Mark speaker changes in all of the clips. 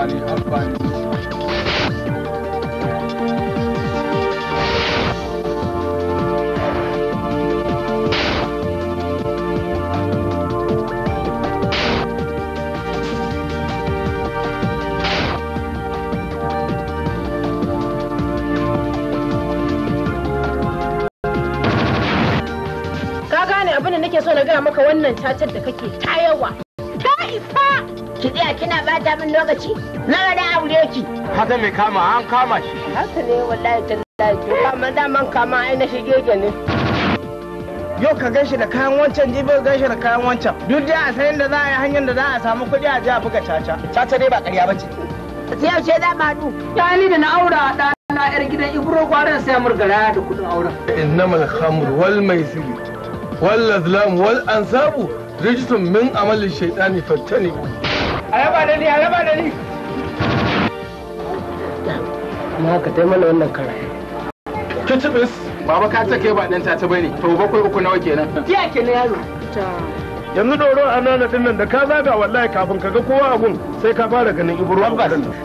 Speaker 1: Ka ne abin da nake so na gaya maka wannan cacar da kake tayawa ki tsaya kina bata min lokaci na da aure ki haka mai kama an kama shi haka ne wallahi tallahi to kama man kama ai na shige ke yau ka gaishe da kayan wancan jibi gaishe da kayan wancan duk da a sanin da za a yi hanyar da za a samu kuɗi a ji a buga caca caca dai ba ƙarya ba ce yau ce za madu ta ni da na aura ɗana yar gidan ibro kwaran sai murgara da kuɗin auren innamal khamr wal maisir wal azlam wal ansabu rijsun min amali shaytani fattani a raba da ni a raba da ni amma ka taimaka wannan kara kicibis baba ka ce kai ba dan ta bane to bakwai uku nawa kenan kiya kenan yaro yanzu doron anana din nan da ka zaga wallahi kafin ka ga kowa abun sai ka fara ganin ibro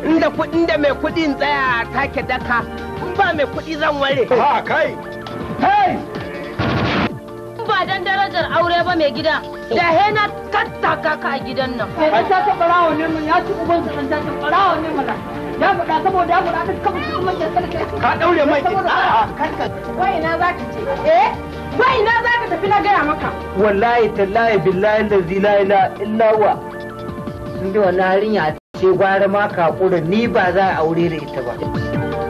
Speaker 1: inda kuɗin da mai kuɗin tsaya take daka in ba mai kuɗi zan ware ha kai hey darajar aure ba mai gida da hena katta tattaka ka a gidan nan an ta taɓa rawa ne mun ya ci uban sa an ta taɓa rawa ne mala. ya faɗa saboda ya fada duk kafa kuma ke sarki ka daure mai ki a'a karka wai ina za ka ce eh wai ina za ka tafi na gaya maka wallahi tallahi billahi allazi la illa wa. inda wannan ya ce gwara ma ka ni ba za a aure da ita ba